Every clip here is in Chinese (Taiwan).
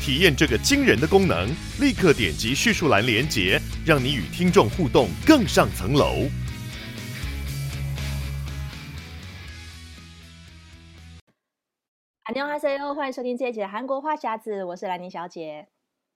體驗這個驚人的功能，立刻點擊敘述欄連接，讓你與聽眾互動更上層樓。阿尼哈塞喲，歡迎收聽這一集的《韓國話匣子》，我是蘭妮小姐，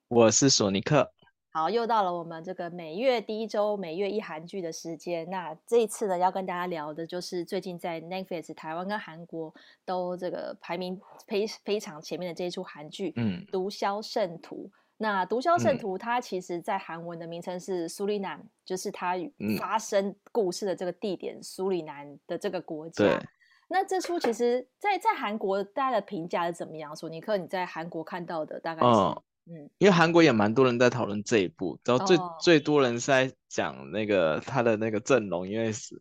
我是索尼克。好，又到了我們這個每月第一周每月一韓劇的時間。那這一次呢，要跟大家聊的就是最近在 Netflix 台灣跟韓國都這個排名非非常前面的這一出韓劇，嗯，《毒梟聖徒》。那《毒梟聖徒》它其實在韓文的名稱是蘇里南，就是它發生故事的這個地點、嗯、蘇里南的這個國家。那這出其實在在韓國大家的評價是怎麼樣？索尼克，你在韓國看到的大概是、oh.？嗯，因為韓國也蠻多人在討論這一部，然後最、oh. 最多人是在講那個他的那個陣容，因為是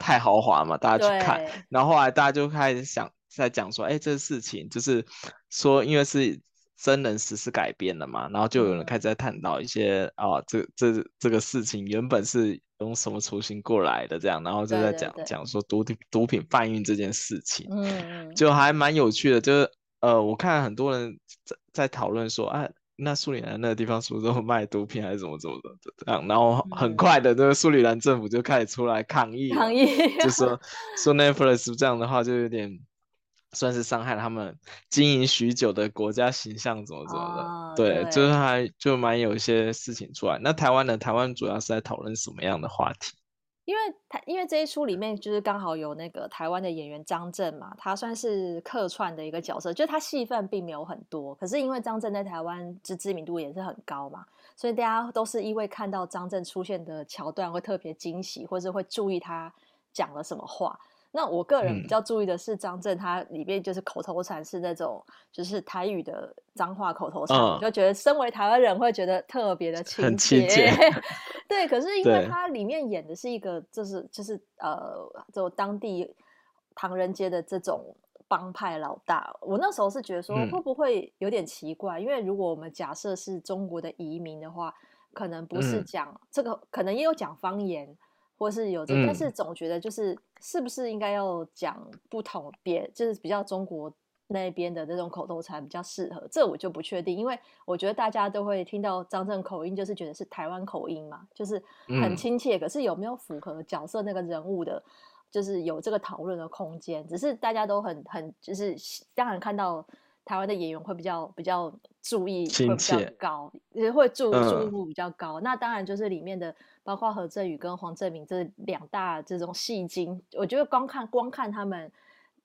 太豪華嘛， 大家去看，然後後來大家就開始想在講說，哎，這事情就是說，因為是真人實事改編的嘛，然後就有人開始在探討一些、嗯、啊，這這這個事情原本是用什麼雛形過來的這樣，然後就在講對對對，講說毒品毒品販運這件事情、嗯，就還蠻有趣的，就是呃，我看很多人在在討論說啊。哎那蘇里南那個地方是不是都賣毒品還是怎麼怎麼的？這樣，然後很快的，這個蘇里南政府就開始出來抗議，抗、嗯、議，就說 說 Netflix 這樣的話就有點算是傷害他們經營許久的國家形象，怎麼怎麼的、哦對對，對，就是還就蠻有一些事情出來。那台灣呢，台灣主要是在討論什麼樣的話題？因為他因為這一出裡面就是剛好有那個台灣的演員張震嘛，他算是客串的一個角色，就是他戲份並沒有很多，可是因為張震在台灣知知名度也是很高嘛，所以大家都是因為看到張震出現的橋段會特別驚喜，或是會注意他講了什麼話。那我個人比較注意的是張震、嗯，他裡面就是口頭禪是那種就是台語的髒話口頭禪、哦，就覺得身為台灣人會覺得特別的親切。很親切 對，可是因為他裡面演的是一個就是就是呃，就當地唐人街的這種幫派老大，我那時候是覺得說會不會有點奇怪？嗯、因為如果我們假設是中國的移民的話，可能不是講、嗯、這個，可能也有講方言。或是有這、嗯，但是總覺得就是是不是應該要講不同別，就是比較中國那邊的那種口頭禪比較適合，這我就不確定，因為我覺得大家都會聽到張震口音，就是覺得是台灣口音嘛，就是很親切、嗯。可是有沒有符合角色那個人物的，就是有這個討論的空間？只是大家都很很就是當然看到台灣的演員會比較比較注意，會比較高，也會注注目比較高。那當然就是裡面的。包括河正宇跟黃晸珉這兩大這種戲精，我覺得光看光看他們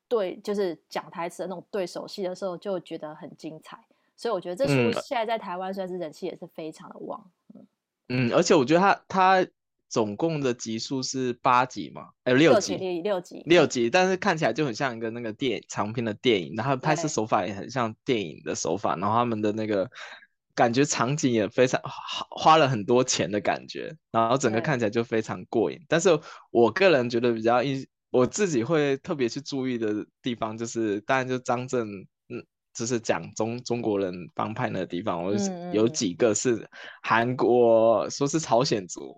對，就是講台詞的那種對手戲的時候，就覺得很精彩。所以我覺得這是現在在台灣，算是人氣也是非常的旺。嗯，嗯，嗯，嗯，嗯，嗯，嗯而且我覺得他他總共的集數是八集嘛，哎六集六集六集、集、嗯，但是看起來就很像一個那個電影長篇的電影，然後拍攝手法也很像電影的手法，然後他們的那個。感覺場景也非常好，花了很多錢的感覺，然後整個看起來就非常過癮。但是我個人覺得比較一，我自己會特別去注意的地方就是，當然就張震，嗯，就是講中中國人幫派那個地方，我、嗯嗯嗯嗯、有幾個是韓國，說是朝鮮族。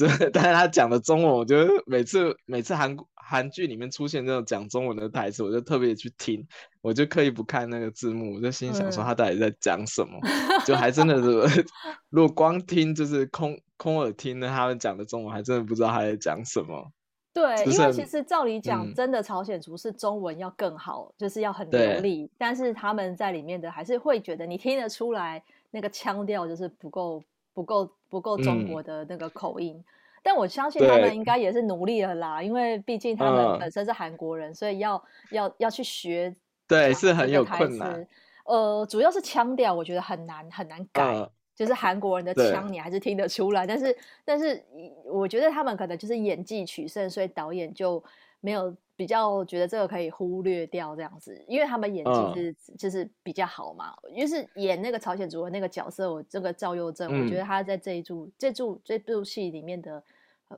但是他講的中文，我覺得每次每次韓韓劇裡面出現這種講中文的台詞，我就特別去聽，我就刻意不看那個字幕，我就心想說他到底在講什麼，嗯、 就還真的是，如果光聽就是空空耳聽的，他們講的中文還真的不知道他在講什麼。對、就是，因為其實照理講、嗯，真的朝鮮族是中文要更好，就是要很流利，但是他們在裡面的還是會覺得你聽得出來那個腔調就是不夠不夠。不夠中國的那個口音，嗯，但我相信他們應該也是努力了啦，因為畢竟他們本身是韓國人，嗯，所以要要要去學，對，啊，是很有困難。呃，主要是腔調，我覺得很難很難改，嗯，就是韓國人的腔你還是聽得出來，但是但是我覺得他們可能就是演技取勝，所以導演就沒有。比較覺得這個可以忽略掉這樣子，因為他們演技是、uh, 就是比較好嘛。就是演那個朝鮮族的那個角色，我這個趙宇鎮、嗯，我覺得他在這一部、這部、這部戲裡面的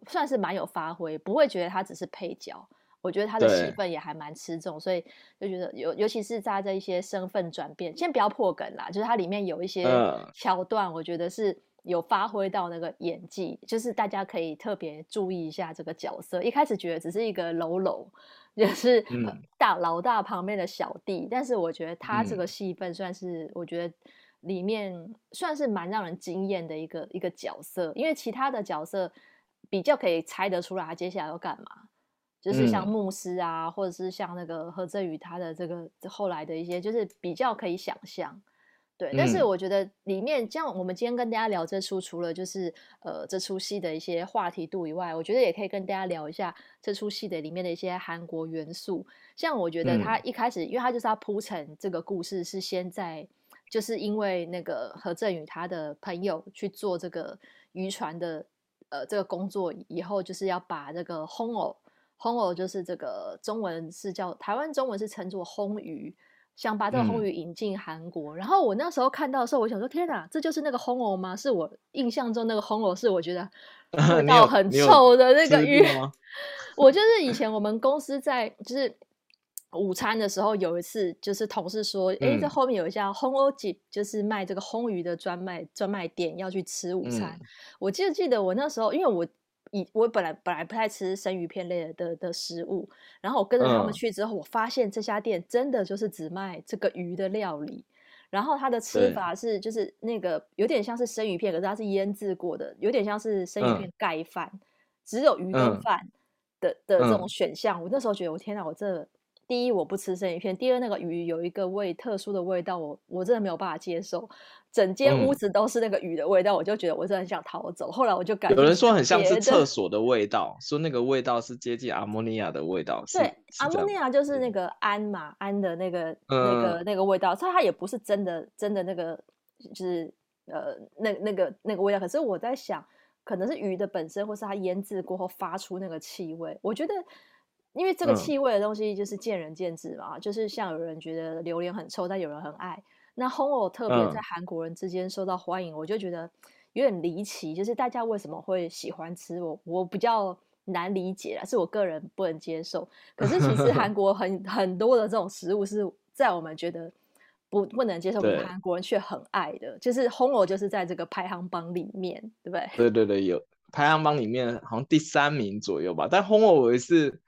算是蠻有發揮，不會覺得他只是配角。我覺得他的戲份也還蠻吃重，所以就覺得尤尤其是在這一些身份轉變，先不要破梗啦，就是它裡面有一些橋段，我覺得是。Uh, 有發揮到那個演技，就是大家可以特別注意一下這個角色。一開始覺得只是一個嘍囉，就是大老大旁邊的小弟、嗯，但是我覺得他這個戲份算是、嗯、我覺得裡面算是蠻讓人驚豔的一個一個角色，因為其他的角色比較可以猜得出來他接下來要幹嘛，就是像牧師啊，或者是像那個河正宇他的這個後來的一些，就是比較可以想象對，但是我覺得裡面，像我們今天跟大家聊這出，除了就是呃這出戲的一些話題度以外，我覺得也可以跟大家聊一下這出戲的裡面的一些韓國元素。像我覺得他一開始，嗯、因為他就是要鋪陳這個故事，是先在就是因為那個河正宇他的朋友去做這個漁船的呃這個工作以後，就是要把這個轟偶轟偶就是這個中文是叫台灣中文是稱作魟魚，想把這個紅魚引進韓國，嗯，然後我那時候看到的時候，我想說：“天哪，這就是那個紅歐嗎？”是我印象中那個紅歐是我覺得味道很臭的那個魚。呃、 我就是以前我們公司在就是午餐的時候有一次，就是同事說：“哎、嗯，這、欸、後面有一家紅歐記，就是賣這個紅魚的專賣專賣店，要去吃午餐。嗯”我記得，記得我那時候，因為我。以我本來本來不太吃生魚片類的的，的食物，然後我跟着他們去之後、嗯，我發現這家店真的就是只賣這個魚的料理，然後它的吃法是就是那個有點像是生魚片，可是它是醃製過的，有點像是生魚片蓋飯，嗯、只有魚肉飯的、嗯、的，的這種選項。我那時候覺得，我天哪，我這。第一，我不吃生魚片。第二，那個魚有一個味，特殊的味道，我我真的沒有辦法接受。整間屋子都是那個魚的味道，嗯、我就覺得我真的很想逃走。後來我就感覺。有人說很像是廁所的味道，說那個味道是接近阿莫尼亞的味道。是對，阿莫尼亞就是那個氨嘛，氨的那個、那個、那個、那個、味道。所以它也不是真的真的那個，就是呃，那那個那個味道。可是我在想，可能是魚的本身，或是它醃制過後發出那個氣味。我覺得。因為這個氣味的東西就是見仁見智嘛、嗯，就是像有人覺得榴蓮很臭，但有人很愛。那烘藕特別在韓國人之間受到歡迎、嗯，我就覺得有點離奇，就是大家為什麼會喜歡吃我，我比較難理解了，是我個人不能接受。可是其實韓國很 很、很多的這種食物是在我們覺得不不能接受我們，但韓國人卻很愛的，就是烘藕就是在這個排行榜裡面，對不對？對對對，有排行榜裡面好像第三名左右吧。但烘藕我是。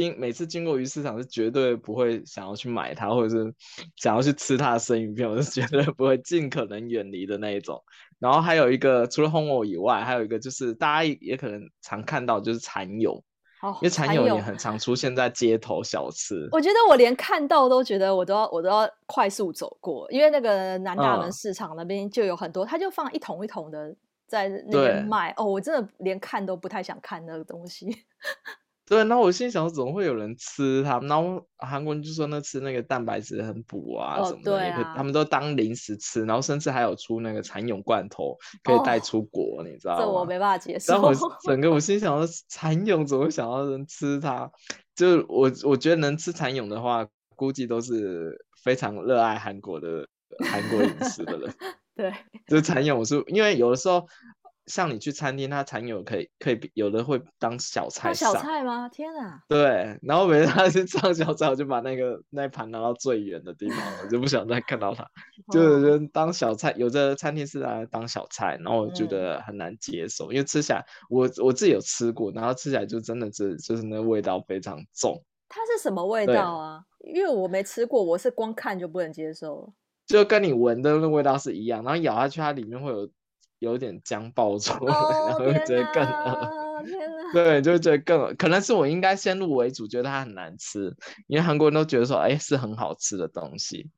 經每次經過魚市場是絕對不會想要去買它，或者是想要去吃它的生魚片，我是絕對不會，盡可能遠離的那一種。然後還有一個，除了洪魚以外，還有一個就是大家也可能常看到，就是蠶蛹、哦，因為蠶蛹也很常出現在街頭小吃、哦。我覺得我連看到都覺得我都要我都要快速走過，因為那個南大門市場那邊就有很多，嗯、他就放一桶一桶的在那邊賣。哦，我真的連看都不太想看那個東西。對，然後我心想怎麼會有人吃它？然後韓國人就說，那吃那個蛋白質很補啊什麼的，哦啊那個、他們都當零食吃，然後甚至還有出那個蠶蛹罐頭可以帶出國、哦，你知道嗎？這我沒辦法解釋。然後我整個我心想說，蠶蛹怎麼會想到人吃它？就我我覺得能吃蠶蛹的話，估計都是非常熱愛韓國的 韓國飲食的人。對，就蠶蛹，我是因為有的時候。像你去餐廳，他餐有可以可以有的會當小菜，當小菜嗎？天啊！對，然後每次他一上小菜，我就把那個那一盤拿到最遠的地方，我就不想再看到它。 就是當小菜，有的餐廳是拿來當小菜，然後我覺得很難接受，嗯、因為吃起來，我我自己有吃過，然後吃起來就真的就是、就是、那個味道非常重。它是什麼味道啊？因為我沒吃過，我是光看就不能接受。就跟你聞的那個味道是一樣，然後咬下去，它裡面會有。有點漿爆出來，oh, 然後覺得更噁。天哪，對，天哪，就覺得更噁。可能是我應該先入為主，覺得它很難吃，因為韓國人都覺得說，哎，是很好吃的東西。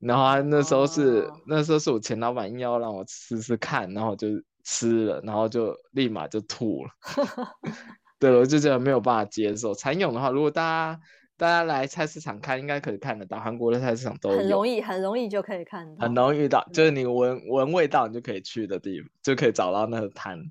然後那時候是、oh. 那時候是我前老板硬要讓我吃吃看，然後就吃了，然後就立馬就吐了。 對，我就覺得沒有辦法接受。蠶蛹的話，如果大家……大家來菜市場看，應該可以看得到。韓國的菜市場都很容易，很容易就可以看到，很容易遇到，是就是你聞聞味道，你就可以去的地方，就可以找到那個攤。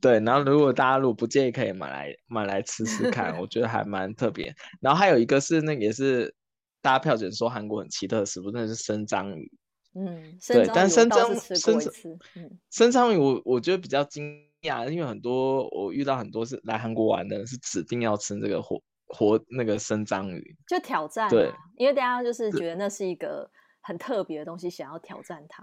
對，然後如果大家如果不介意，可以買來買來吃吃看， 我覺得還蠻特別。然後還有一個是，那個也是大家票選說韓國很奇特的食物，那是生章魚。嗯，生章魚對，但生章魚，生章魚我我覺得比較驚訝，嗯、因為很多我遇到很多是來韓國玩的是指定要吃這個火。活那個生章魚就挑戰啊，對，因為大家就是覺得那是一個很特別的東西，想要挑戰它。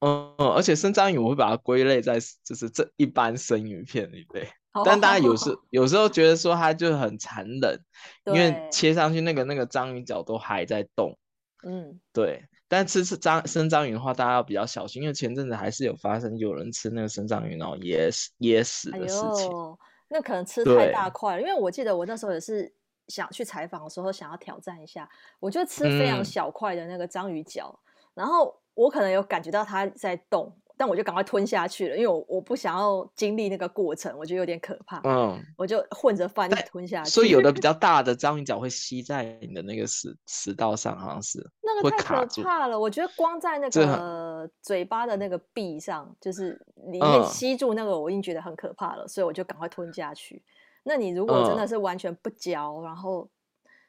嗯嗯，而且生章魚我會把它歸類在就是這一般生魚片一類， 但大家有時有時候覺得說它就很殘忍， 因為切上去那個那個章魚腳都還在動。嗯，對。但吃吃章生章魚的話，大家要比較小心，因為前陣子還是有發生有人吃那個生章魚然後噎死噎死的事情。哎那可能吃太大塊了，因為我記得我那時候也是想去採訪的時候，想要挑戰一下，我就吃非常小塊的那個章魚腳，嗯，然後我可能有感覺到它在動。但我就趕快吞下去了，因為我我不想要經歷那個過程，我覺得有點可怕。嗯，我就混着飯吞下去。 所以有的比較大的章魚腳會吸在你的那個食食道上，好像是。那個太可怕了，我覺得光在那個嘴巴的那個壁上，就是裡面吸住那個，我已經覺得很可怕了。嗯、所以我就趕快吞下去。那你如果真的是完全不嚼，嗯、然後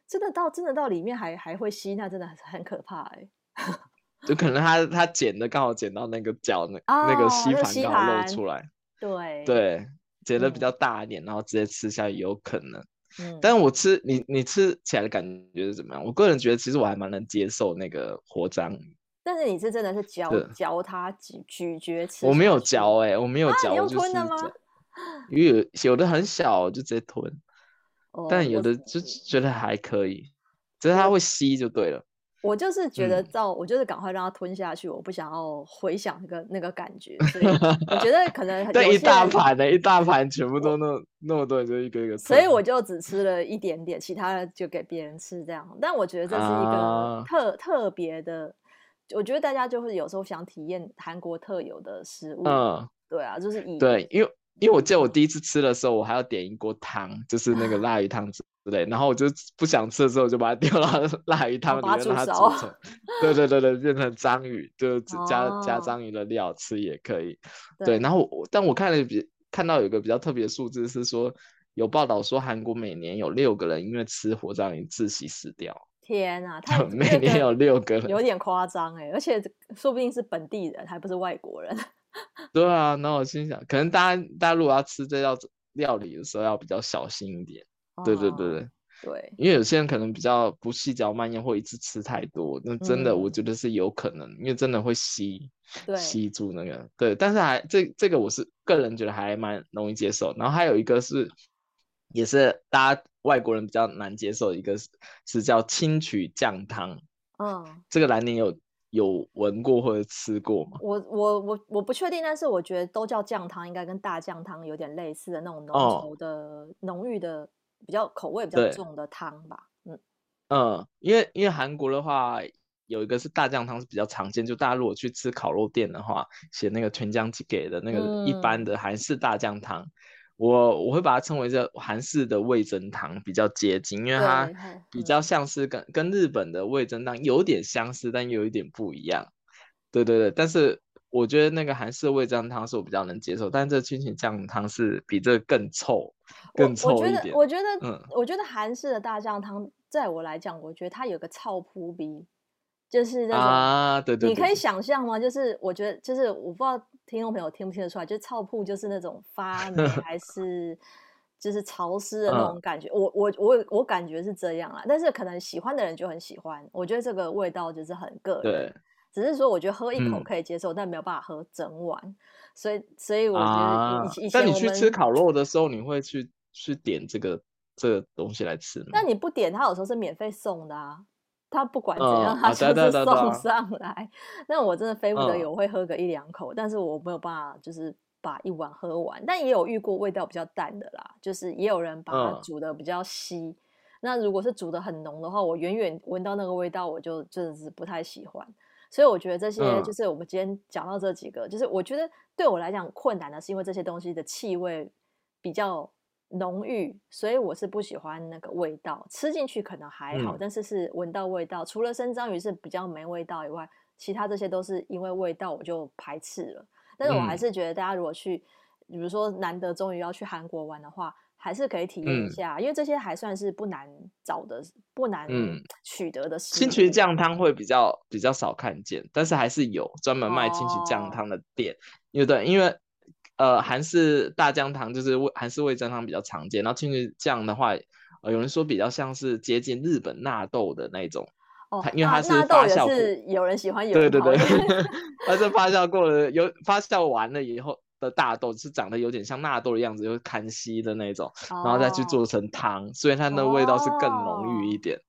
真的到真的到裡面還還會吸，那真的很很可怕哎、欸。 就可能他他剪的剛好剪到那個腳那、哦、那個吸盤剛好露出來，對對，剪的比較大一點，然後直接吃下去有可能。嗯、但我吃你你吃起來的感覺是怎麼樣？我個人覺得其實我還蠻能接受那個活章魚。但是你是真的是嚼嚼它咀咀嚼起來。我沒有嚼哎、欸，我沒有嚼、就是，我、啊、吞的嗎？因為有,有的很小就直接吞、哦，但有的就覺得還可以，只是它會吸就對了。我就是覺得照，照、嗯、我就是趕快讓它吞下去，我不想要回想那個那個感覺。所以我覺得可能 對一大盤的，一大盤全部都那那麼多，人就一個一個吃。所以我就只吃了一點點，其他的就給別人吃這樣。但我覺得這是一個特、啊、特別的，我覺得大家就會有時候想體驗韓國特有的食物。嗯，對啊，就是以對，因為因為我記得我第一次吃的時候，我還要點一鍋湯，就是那個辣魚湯對，然後我就不想吃的之後我就把它丟到辣魚湯裡面拿它煮 對對對對，變成章魚，就加、哦、加章魚的料吃也可以。對，對然後我但我看了比看到有一個比較特別的數字是說有報道說韓國每年有六個人因為吃活章魚窒息死掉。天啊，他每年有六個人，有點誇張誒、欸，而且說不定是本地人，還不是外國人。對啊，然後我心想，可能大家大家如果要吃這道料理的時候要比較小心一點。對對對對、啊，對，因為有些人可能比較不細嚼慢嚥，或一次吃太多，那真的我覺得是有可能，嗯、因為真的會吸對，吸住那個。對，但是還這這個我是個人覺得還蠻容易接受。然後還有一個是，也是大家外國人比較難接受的，一個是是叫清麴醬湯。嗯，這個藍寧有有聞過或者吃過嗎？我我我我不確定，但是我覺得都叫醬湯，應該跟大醬湯有點類似的那種濃稠的、哦、濃郁的。比較口味比較重的湯吧，嗯嗯，因為因為韓國的話有一個是大醬湯是比較常見，就大家如果去吃烤肉店的話，寫那個全醬給的那個一般的韓式大醬湯，嗯，我我會把它稱為叫韓式的味噌湯，比較接近，因為它比較像是跟，嗯、跟日本的味噌湯有點相似，但又有一點不一樣，對對對，但是。我覺得那個韓式味噌湯是我比較能接受，但這清麴醬湯是比這更臭，更臭一點我，我覺得，我覺得，嗯、我覺得韓式的大醬湯，在我來講，我覺得它有個臭撲鼻，就是那種啊，對對對對，你可以想象嗎？就是我覺得，就是我不知道聽眾朋友聽不聽得出來，就是、臭撲就是那種發霉 還是就是潮濕的那種感覺。嗯、我我我我感覺是這樣啊，但是可能喜歡的人就很喜歡。我覺得這個味道就是很個人。對只是說，我覺得喝一口可以接受、嗯，但沒有辦法喝整碗，所以，所以我覺得我、啊。但你去吃烤肉的時候，你會去去點這個這個東西來吃嗎？那你不點，它有時候是免費送的啊。他不管怎樣，他、啊、就送上來。那、啊啊、我真的非不得有會喝個一兩口，啊、但是我沒有辦法，就是把一碗喝完。但也有遇過味道比較淡的啦，就是也有人把它煮得比較稀、啊。那如果是煮得很濃的話，我遠遠聞到那個味道，我就真的、就是不太喜歡。所以我覺得這些就是我們今天講到這幾個，就是我覺得對我來講困難的是因為這些東西的氣味比較濃郁，所以我是不喜歡那個味道。吃進去可能還好，但是是聞到味道，除了生章魚是比較沒味道以外，其他這些都是因為味道我就排斥了。但是我還是覺得大家如果去，比如說難得終於要去韓國玩的話。還是可以體驗一下、嗯，因為這些還算是不難找的，不難取得的。清、嗯、麴醬湯會比較比較少看見，但是還是有專門賣清麴醬湯的店。哦，對，因為呃，韓式大醬湯就是韓式味噌湯比較常見，然後清麴醬的話，呃，有人說比較像是接近日本納豆的那種，哦，因為它是發酵過，哦，是有人喜歡有，對對對，它 是 發酵過了，有發酵完了以後。的大豆是長得有點像納豆的樣子，又堪稀的那種，oh. 然後再去做成湯，所以它那味道是更濃郁一點。Oh.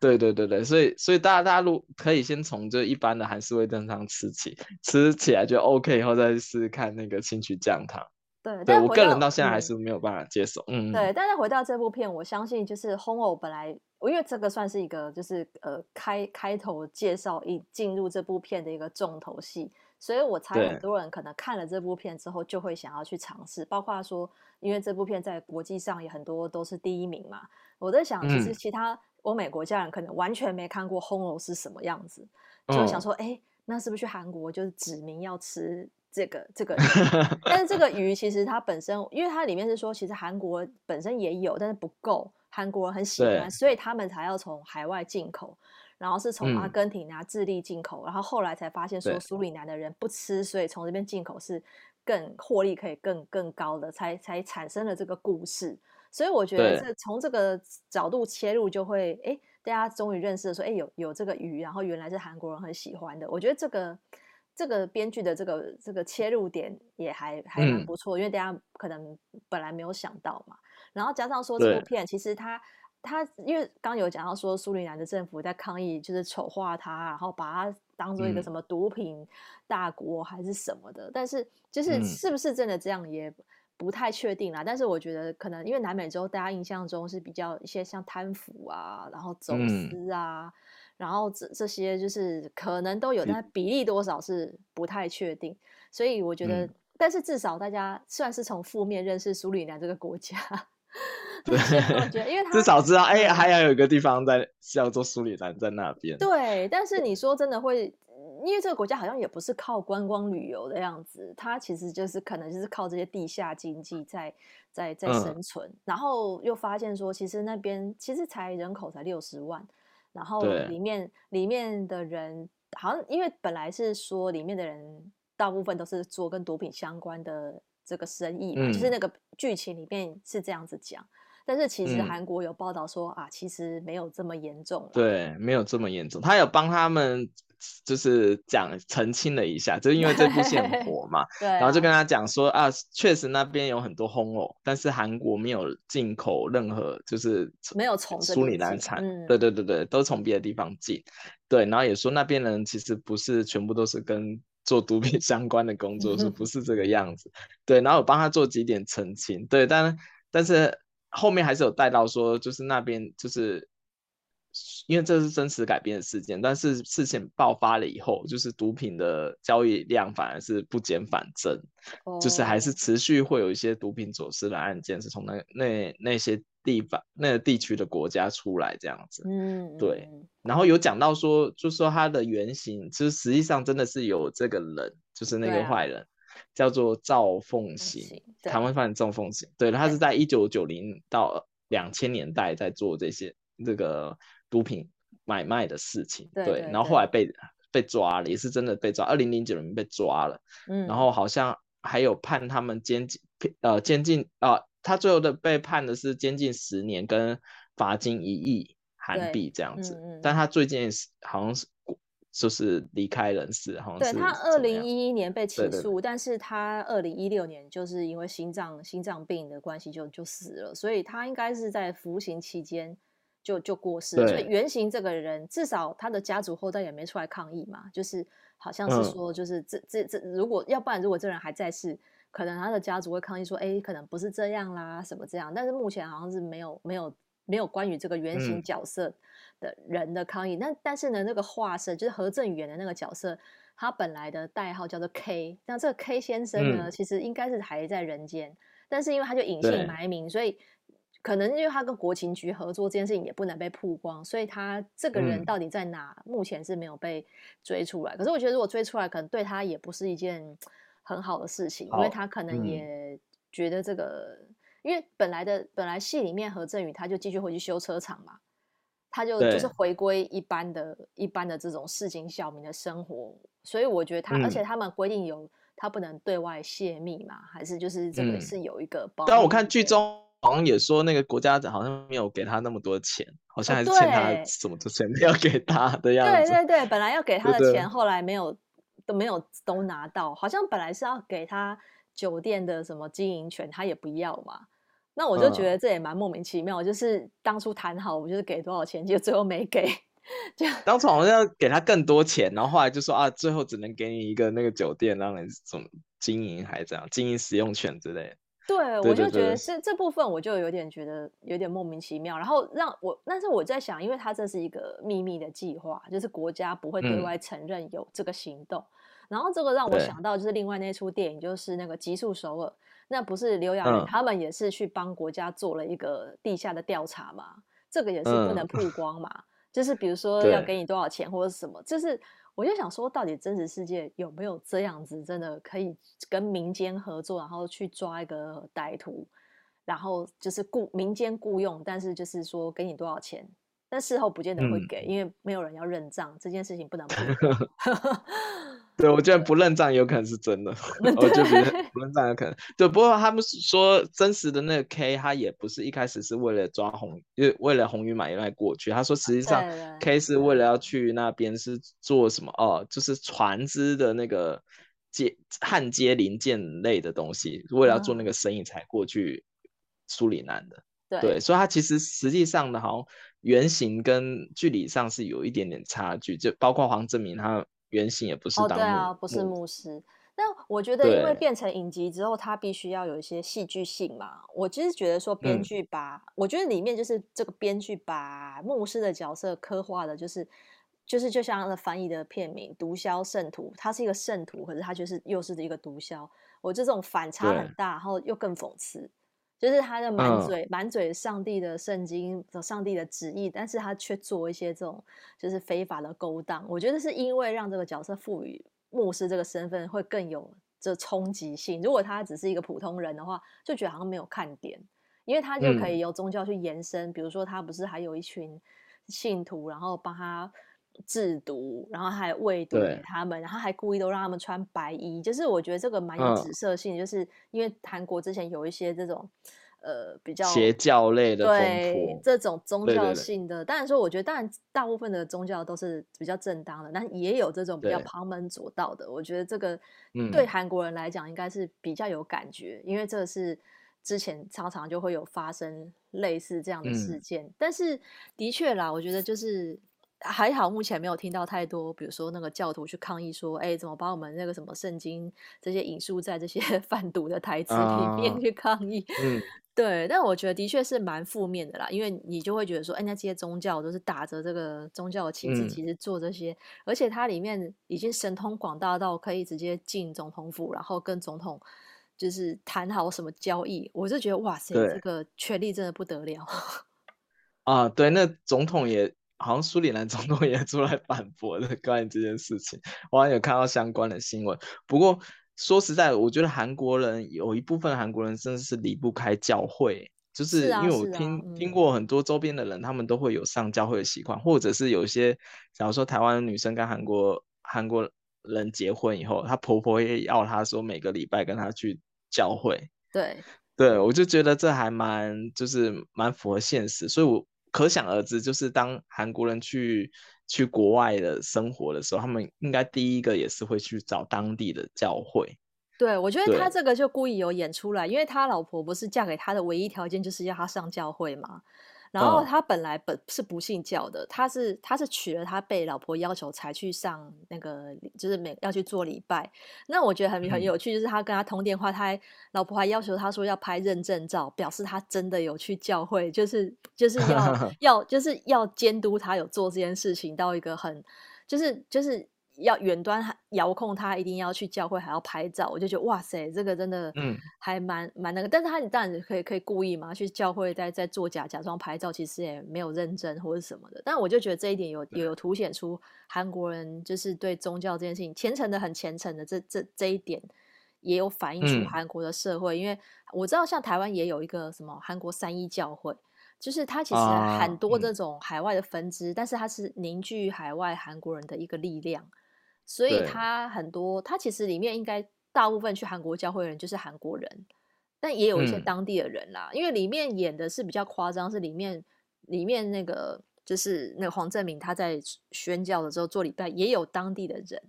對對對對，所以所以大家大家如果可以先從這一般的韓式味噌湯吃起，吃起來就 OK，以後再試試看那個清麴醬湯。對，對但我個人到現在還是沒有辦法接受。嗯，嗯對，但是回到這部片，我相信就是紅偶本來，因為這個算是一個就是呃開開頭介紹一進入這部片的一個重頭戲。所以我猜很多人可能看了這部片之後，就會想要去嘗試。包括說，因為這部片在國際上也很多都是第一名嘛，我在想、嗯，其實其他歐美國家人可能完全沒看過洪魚是什麼樣子，就想說，哎、哦欸，那是不是去韓國就是指名要吃這個這個魚？ 但是這個魚其實它本身，因為它裡面是說，其實韓國本身也有，但是不夠，韓國人很喜歡，所以他們才要從海外進口。然後是從阿根廷啊、智利進口、嗯，然後後來才發現說蘇里南的人不吃，嗯、所以從這邊進口是更獲利可以更更高的，才才產生了這個故事。所以我覺得是從這個角度切入，就會哎，大家終於認識了說哎有有這個魚，然後原來是韓國人很喜歡的。我覺得這個這個編劇的這個這個切入點也還還蠻不錯，嗯、因為大家可能本來沒有想到嘛。然後加上說這部片其實它。他因為剛有講到說，蘇里南的政府在抗議，就是醜化他，然後把他當做一個什麼毒品大國還是什麼的。嗯、但是就是是不是真的這樣，也不太確定啦、嗯。但是我覺得可能因為南美洲大家印象中是比較一些像貪腐啊，然後走私啊，嗯、然後這這些就是可能都有，嗯、但比例多少是不太確定。所以我覺得、嗯，但是至少大家算是從負面認識蘇里南這個國家。 對， 至少知道哎、欸，還要有一個地方在叫要做蘇利南在那邊。對，但是你說真的會，因為這個國家好像也不是靠觀光旅遊的樣子，它其實就是可能就是靠這些地下經濟在在在生存、嗯。然後又發現說，其實那邊其實才人口才六十萬，然後裡面裡面的人好像因為本來是說裡面的人大部分都是做跟毒品相關的這個生意嘛、嗯，就是那個劇情裡面是這樣子講。但是其實韓國有報道說、嗯、啊，其實沒有這麼嚴重。對，沒有這麼嚴重。他有幫他們就是講澄清了一下，就是因為這部戲很火嘛。 對、啊。然後就跟他講說啊，確實那邊有很多轟偶，但是韓國沒有進口任何就是沒有從蘇里南產。對對對對，都從別的地方進。對，然後也說那邊人其實不是全部都是跟做毒品相關的工作，是、嗯、不是這個樣子？對，然後我幫他做幾點澄清。對，但但是。後面還是有帶到說，就是那邊就是因為這是真實改編的事件，但是事情爆發了以後，就是毒品的交易量反而是不減反增，oh. 就是還是持續會有一些毒品走私的案件是從那那那些地方那個地區的國家出來這樣子。嗯、mm-hmm.，對。然後有講到說，就是說他的原型其實實際上真的是有這個人，就是那個壞人。Right. 叫做趙奉行，台灣犯趙奉行，對，行對，對他是在一九九零到兩千年代在做這些這個毒品買賣的事情，對，對對對然後後來被被抓了，也是真的被抓，二零零九年被抓了，嗯，然後好像還有判他們監禁，嗯，呃，監禁，呃，他最後的被判的是監禁十年跟罰金一億韓幣這樣子，嗯嗯，但他最近是好像是。就是離開人世，好像，對，他二零一一年被起訴，但是他二零一六年就是因為心臟心臟病的關係就就死了，所以他應該是在服刑期間就就過世了。所以原型這個人至少他的家族後代也沒出來抗議嘛，就是好像是說就是這、嗯、這這如果要不然如果這人還在世，可能他的家族會抗議說，哎，可能不是這樣啦什麼這樣，但是目前好像是沒有沒有沒有關於這個原型角色。嗯人的抗議，但但是呢，那個化身就是河正宇演的那個角色，他本來的代號叫做 K。那這個 K 先生呢，嗯、其實應該是還在人間，但是因為他就隱姓埋名，所以可能因為他跟國情局合作這件事情也不能被曝光，所以他這個人到底在哪，嗯、目前是沒有被追出來。可是我覺得，如果追出來，可能對他也不是一件很好的事情，因為他可能也覺得這個，嗯、因為本來的本來戲裡面河正宇他就繼續回去修車廠嘛。他就就是回歸一般的一般的這種市井小民的生活，所以我覺得他，嗯、而且他們規定有他不能對外洩密嘛，還是就是這個是有一個包。但、嗯、我看劇中好像也說那個國家好像沒有給他那麼多錢，好像還是欠他什麼的、哦，沒有給他的樣子。對對對，本來要給他的錢，後來沒有，對對，都沒有都拿到，好像本來是要給他酒店的什麼經營權，他也不要嘛。那我就覺得這也蠻莫名其妙。嗯，就是當初談好，我就是給多少錢，就最後沒給。就當初好像要給他更多錢，然後後來就說啊，最後只能給你一個那個酒店，讓你怎麼經營還這樣，經營使用權之類。對，對，對，對，我就覺得是這，這部分，我就有點覺得有點莫名其妙。然後讓我，但是我在想，因為它這是一個秘密的計劃，就是國家不會對外承認有這個行動。嗯、然後這個讓我想到就是另外那出電影，就是那個《極速首爾》。那不是流亡人、嗯，他們也是去幫國家做了一個地下的調查嘛，嗯、這個也是不能曝光嘛、嗯。就是比如說要給你多少錢或者什麼，就是我就想說，到底真實世界有沒有這樣子，真的可以跟民間合作，然後去抓一個歹徒，然後就是雇民間雇傭，但是就是說給你多少錢，但事後不見得會給，嗯、因為沒有人要認賬，這件事情不能曝光。 對，我覺得不認賬有可能是真的， 我就覺得不認賬有, 有可能。對，不過他們說真實的那個 K，他也不是一開始是為了抓紅，為為了紅魚買賣過去。他說實際上 K 是為了要去那邊是做什麼哦，就是船只的那個接焊接零件類的東西、嗯，為了要做那個生意才過去蘇里南的對。對，所以他其實實際上好像原型跟距離上是有一點點差距，就包括黃晸珉他。原型也不是哦，oh, 對啊，不是牧師。牧但我覺得，因為變成影集之後，它必須要有一些戲劇性嘛。我其實覺得說，編劇吧、嗯，我覺得裡面就是這個編劇把牧師的角色刻畫的，就是就是就像那個翻譯的片名《毒梟聖徒》，他是一個聖徒，可是他就是又是的一個毒梟。我這種反差很大，然後又更諷刺。就是他的滿嘴、oh. 滿嘴上帝的聖經，上帝的旨意，但是他卻做一些這種就是非法的勾當。我覺得是因為讓這個角色賦予牧師這個身份會更有這衝擊性。如果他只是一個普通人的話，就覺得好像沒有看點，因為他就可以由宗教去延伸。嗯、比如說，他不是還有一群信徒，然後幫他。制毒，然後還餵毒給他們，然後還故意都讓他們穿白衣，就是我覺得這個蠻有指涉性、哦，就是因為韓國之前有一些這種呃比較邪教類的，對這種宗教性的，對對對當然說我覺得當然大部分的宗教都是比較正當的，但也有這種比較旁門左道的。我覺得這個對韓國人來講應該是比較有感覺、嗯，因為這是之前常常就會有發生類似這樣的事件，嗯、但是的確啦，我覺得就是。還好，目前沒有聽到太多，比如說那個教徒去抗議說：“哎、欸，怎麼把我們那個什麼聖經這些引述在這些販毒的台詞裡面去抗議、啊？”嗯，對。但我覺得的確是蠻負面的啦，因為你就會覺得說：“哎、欸，那這些宗教都是打着這個宗教的旗幟，其實做這些、嗯，而且它裡面已經神通廣大到可以直接進總統府，然後跟總統就是談好什麼交易。”我就覺得哇塞，這個權力真的不得了啊！對，那總統也。好像蘇里南總統也出來反駁了，關於這件事情，我還有看到相關的新聞。不過說實在，我覺得韓國人，有一部分韓國人真的是離不開教會，就是因為我聽、啊啊嗯、聽過很多周邊的人，他們都會有上教會的習慣，或者是有些，假如說台灣女生跟韓國韓國人結婚以後，她婆婆也要她說每個禮拜跟她去教會。對對，我就覺得這還蠻就是蠻符合現實，所以我。可想而知，就是當韓國人去去國外的生活的時候，他們應該第一個也是會去找當地的教會。對，我覺得他這個就故意有演出來，因為他老婆不是嫁給他的唯一條件，就是要他上教會嘛。然後他本來本，是不信教的，Oh. 他是他是娶了他被老婆要求才去上那個就是每，要去做禮拜。那我覺得很很有趣，就是他跟他通電話，嗯、他還老婆還要求他說要拍認證照，表示他真的有去教會，就是就是要 要就是要監督他有做這件事情，到一個很就是就是。就是要遠端遙控，他一定要去教會還要拍照，我就覺得哇塞，這個真的還蠻，還蠻蠻那個。但是他當然可以可以故意嘛，去教會在在作假，假裝拍照，其實也沒有認真或是什麼的。但我就覺得這一點有有，有凸顯出韓國人就是對宗教這件事情虔誠的很虔誠的這這這一點也有反映出韓國的社會，嗯，因為我知道像台灣也有一個什麼韓國三一教會，就是它其實很多這種海外的分支，啊，嗯，但是它是凝聚海外韓國人的一個力量。所以他很多，他其實裡面應該大部分去韓國教會的人就是韓國人，但也有一些當地的人啦。嗯、因為裡面演的是比較誇張，是裡面裡面那個就是那個黃晸珉，他在宣教的時候做禮拜，也有當地的人。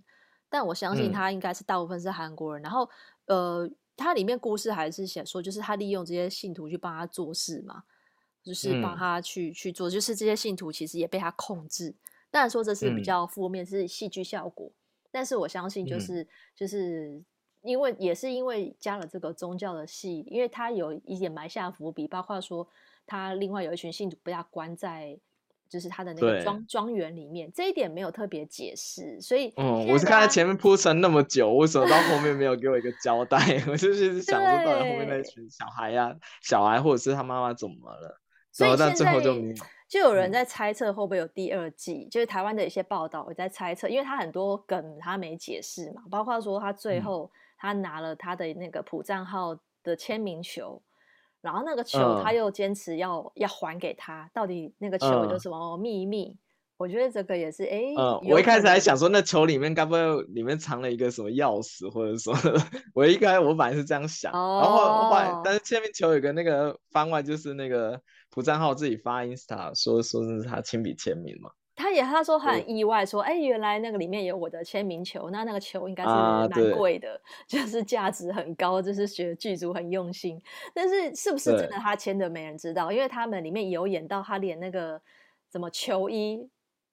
但我相信他應該是大部分是韓國人。嗯、然後呃，他裡面故事還是想說，就是他利用這些信徒去幫他做事嘛，就是幫他去、嗯、去做，就是這些信徒其實也被他控制。但說這是比較負面，嗯、是戲劇效果。但是我相信，就是、嗯、就是因為也是因為加了這個宗教的戲，因為他有一點埋下伏筆，包括說他另外有一群信徒被他關在就是他的那個莊莊園裡面，這一點沒有特別解釋，所以嗯，我是看他前面鋪陳那麼久，為什麼到後面沒有給我一個交代？ 我是就是想說，到底後面那群小孩呀、啊、小孩或者是他媽媽怎麼了？所以然後到最後就沒有。就有人在猜測會不會有第二季，嗯、就是台灣的一些報道我在猜測，因為他很多梗他沒解釋嘛，包括說他最後他拿了他的那個朴贊浩的簽名球、嗯，然後那個球他又堅持要、嗯、要還給他，到底那個球有什麼秘密？嗯、我覺得這個也是，哎、欸嗯，我一開始還想說那球裡面該不會裡面藏了一個什麼鑰匙，或者說我應該我反正是這樣想，哦、然後我把但是簽名球有個那個番外就是那個。朴贊浩自己發 Insta 說說，是他親筆簽名嘛？他也他說他很意外，說哎、欸，原來那個裡面有我的簽名球，那那個球應該是蠻貴的，啊，就是價值很高，就是覺得劇組很用心。但是是不是真的他簽的沒人知道，因為他們裡面有演到他連那個什麼球衣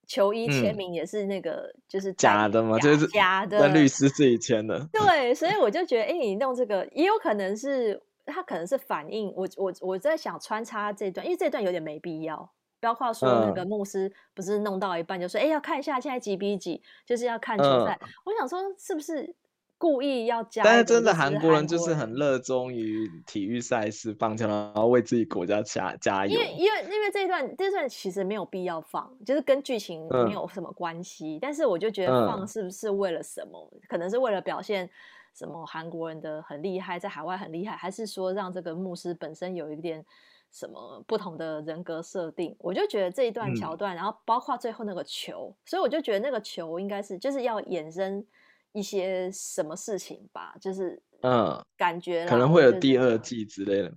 球衣簽名也是那個就是假的嘛。就是假的，就是、假的，律師自己簽的。對，所以我就覺得哎、欸，你弄這個也有可能是。他可能是反映我我我在想穿插這段，因為這段有點沒必要，包括說那個牧師不是弄到一半就說，哎、嗯，要看一下現在幾比幾，就是要看球賽、嗯。我想說是不是故意要加？但是真的韓國人就是很熱衷於體育賽事，放棄了，然後為自己國家加加油。因為因為因為這一段這一段其實沒有必要放，就是跟劇情沒有什麼關係。嗯、但是我就覺得放是不是為了什麼？嗯、可能是為了表現。什麼韓國人的很厲害，在海外很厲害，還是說讓這個牧師本身有一點什麼不同的人格設定？我就覺得這一段橋段、嗯，然後包括最後那個球，所以我就覺得那個球應該是就是要衍生一些什麼事情吧，就是嗯，感覺好像、就是、可能會有第二季之類的。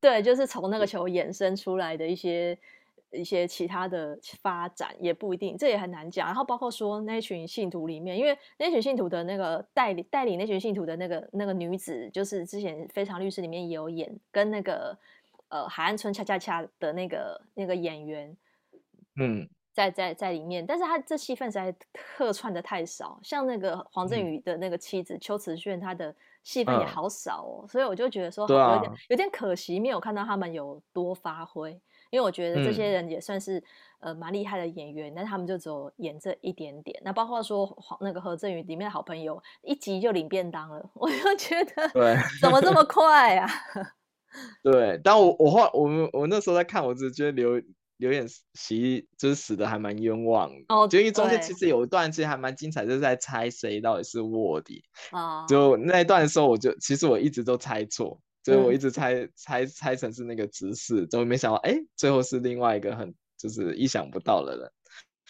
對，就是從那個球衍生出來的一些，一些其他的發展也不一定，這也很難講。然後包括說那群信徒裡面，因為那群信徒的那個代理，代理那群信徒的那個那個女子，就是之前《非常律師》裡面也有演，跟那個呃《海岸村恰恰恰》的那個那個演員，嗯，在在在裡面。但是他這戲份實在客串的太少，像那個黃振宇的那個妻子秋瓷炫、嗯，她的戲份也好少哦。嗯、所以我就覺得說，有點、啊、有點可惜，沒有看到他們有多發揮。因為我覺得這些人也算是、嗯、呃蠻厲害的演員，但他們就只有演這一點點。那包括說黃那個河正宇裡面的好朋友，一集就領便當了，我就覺得對怎麼這麼快啊？ 對，但我我話我們我那時候在看，我只覺得劉劉演喜就是死的還蠻冤枉哦，哦、oh,，因為中間其實有一段其實還蠻精彩的，就是在猜誰到底是臥底哦，oh. 就那一段的時候，我就其實我一直都猜錯。所以我一直猜、嗯、猜猜，猜成是那個執事，最後沒想到，哎，最後是另外一個很就是意想不到的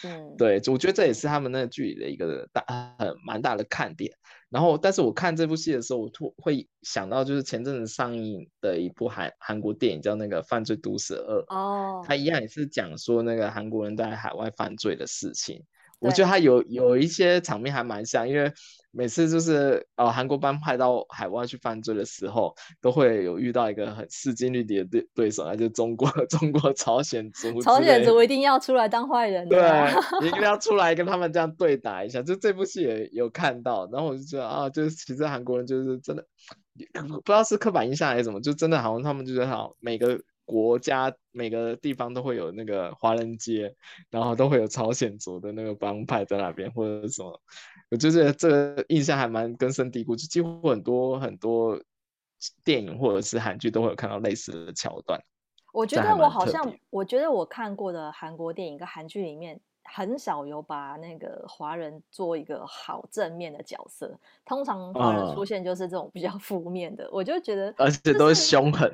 人、嗯。對，我覺得這也是他們那個劇裡的一個大很、呃、蠻大的看點。然後，但是我看這部戲的時候，我突會想到就是前陣子上映的一部韓韓國電影叫那個《犯罪都市二》哦，他一樣也是講說那個韓國人在海外犯罪的事情。我覺得他有有一些場面還蠻像，因為每次就是呃韓國幫派到海外去犯罪的時候，都會有遇到一個很勢均力敵的對對手，那就是中國中國朝鮮族，朝鮮族一定要出來當壞人，啊、對，一定要出來跟他們這樣對打一下。 就這部戲也有看到，然後我就覺得啊，就是其實韓國人就是真的不知道是刻板印象還是什麼，就真的好像他們就覺得好每個，國家每個地方都會有那個華人街，然後都會有朝鮮族的那個幫派在那邊，或者是什麼。我就覺得這個印象還蠻根深蒂固，就幾乎很多很多電影或者是韓劇都會有看到類似的橋段。我覺得我好像，我覺得我看過的韓國電影跟韓劇裡面。很少有把那個華人做一個好正面的角色，通常華人出現就是這種比較負面的。嗯、我就覺得，而且都是凶狠，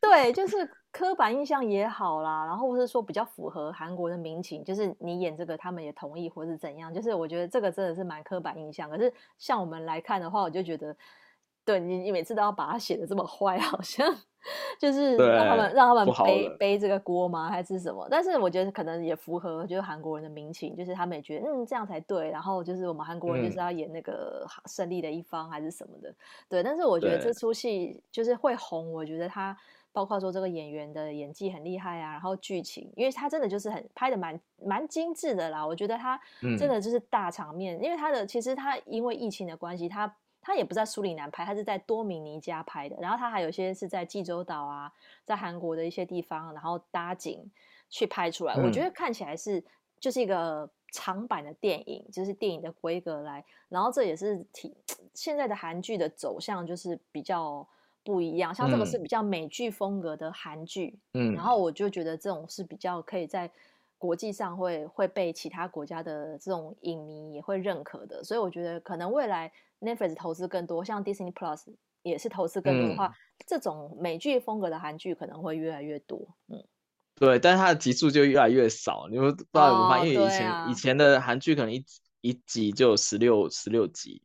對，就是刻板印象也好啦，然後或者說比較符合韓國的民情，就是你演這個他們也同意或是怎樣，就是我覺得這個真的是蠻刻板印象。可是像我們來看的話，我就覺得。對你，你每次都要把它寫得這麼壞，好像就是讓他們讓他們背背這個鍋嗎？還是什麼？但是我覺得可能也符合，就是韓國人的民情，就是他們也覺得嗯這樣才對。然後就是我們韓國人就是要演那個勝利的一方，還是什麼的、嗯。對，但是我覺得這出戲就是會紅。我覺得他包括說這個演員的演技很厲害啊，然後劇情，因為他真的就是很拍得蠻蠻精致的啦。我覺得他真的就是大場面，嗯、因為他的其實他因為疫情的關係，他……他也不是在蘇里南拍，他是在多米尼加拍的。然後他還有些是在濟州島啊，在韓國的一些地方，然後搭景，去拍出來，嗯。我覺得看起來是就是一個長版的電影，就是電影的規格來。然後這也是挺現在的韓劇的走向，就是比較不一樣。像這個是比較美劇風格的韓劇，嗯，然後我就覺得這種是比較可以在，國際上會會被其他國家的這種影迷，也會認可的，所以我覺得可能未來 Netflix 投資更多，像 Disney Plus 也是投資更多的話、嗯，這種美劇風格的韓劇可能會越來越多。嗯，對，但是它的集數就越來越少。你們不，不知道你、哦，因為以前、啊、以前的韓劇可能一一集就有十六十六集。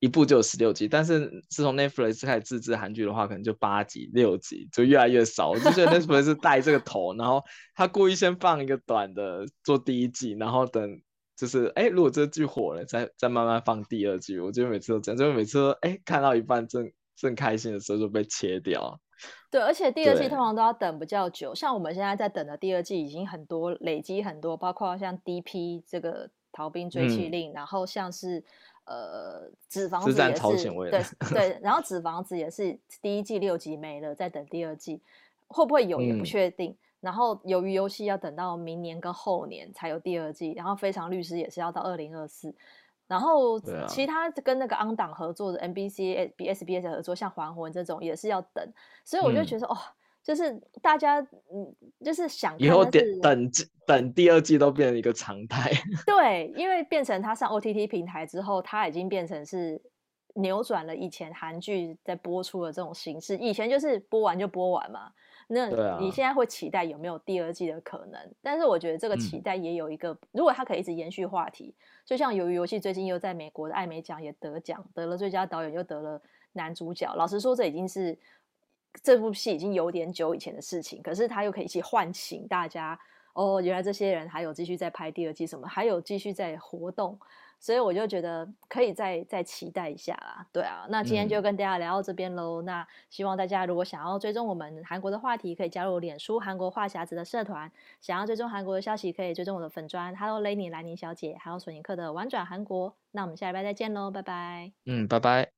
一部就有十六集，但是自從 Netflix 開始自製韓劇的話，可能就八集、六集，就越來越少。我就覺得 Netflix 帶這個頭， 然後他故意先放一個短的做第一季，然後等就是，哎、欸，如果這劇火了，再再慢慢放第二季。我覺得每次都這樣，就每次哎、欸、看到一半正正開心的時候就被切掉，對。對，而且第二季通常都要等比較久，像我們現在在等的第二季已經很多，累積很多，包括像 DP 這個《逃兵追緝令》，嗯，然後像是。呃，紙房子也是對， 對，然後紙房子也是第一季六集沒了，在等第二季，會不會有也不確定。嗯、然後魷魚遊戲要等到明年跟後年才有第二季，然後非常律師也是要到二零二四，然後其他跟那個安檔合作的、啊、MBC B SBS 合作，像還魂這種也是要等，所以我就覺得、嗯、哦。就是大家嗯，就是想是以後點等等等第二季都變成一個常態。 對，因為變成他上 OTT 平台之後，他已經變成是扭轉了以前韓劇在播出的這種形式。以前就是播完就播完嘛。那你現在會期待有沒有第二季的可能？啊、但是我覺得這個期待也有一個、嗯，如果他可以一直延續話題，就像《魷魚遊戲》最近又在美國的艾美獎也得獎，得了最佳導演，又得了男主角。老實說，這已經是。這部戲已經有點久以前的事情，可是他又可以一起喚醒大家哦，原來這些人還有繼續在拍第二季，什麼還有繼續在活動，所以我就覺得可以再再期待一下啦。對啊，那今天就跟大家聊到這邊嘍，嗯。那希望大家如果想要追蹤我們韓國的話題，可以加入臉書韓國話匣子的社團；想要追蹤韓國的消息，可以追蹤我的粉磚 Hello Lady 蘭 y 小姐，還有索尼克的玩轉韓國。那我們下一拜再見嘍，拜拜。嗯，拜拜。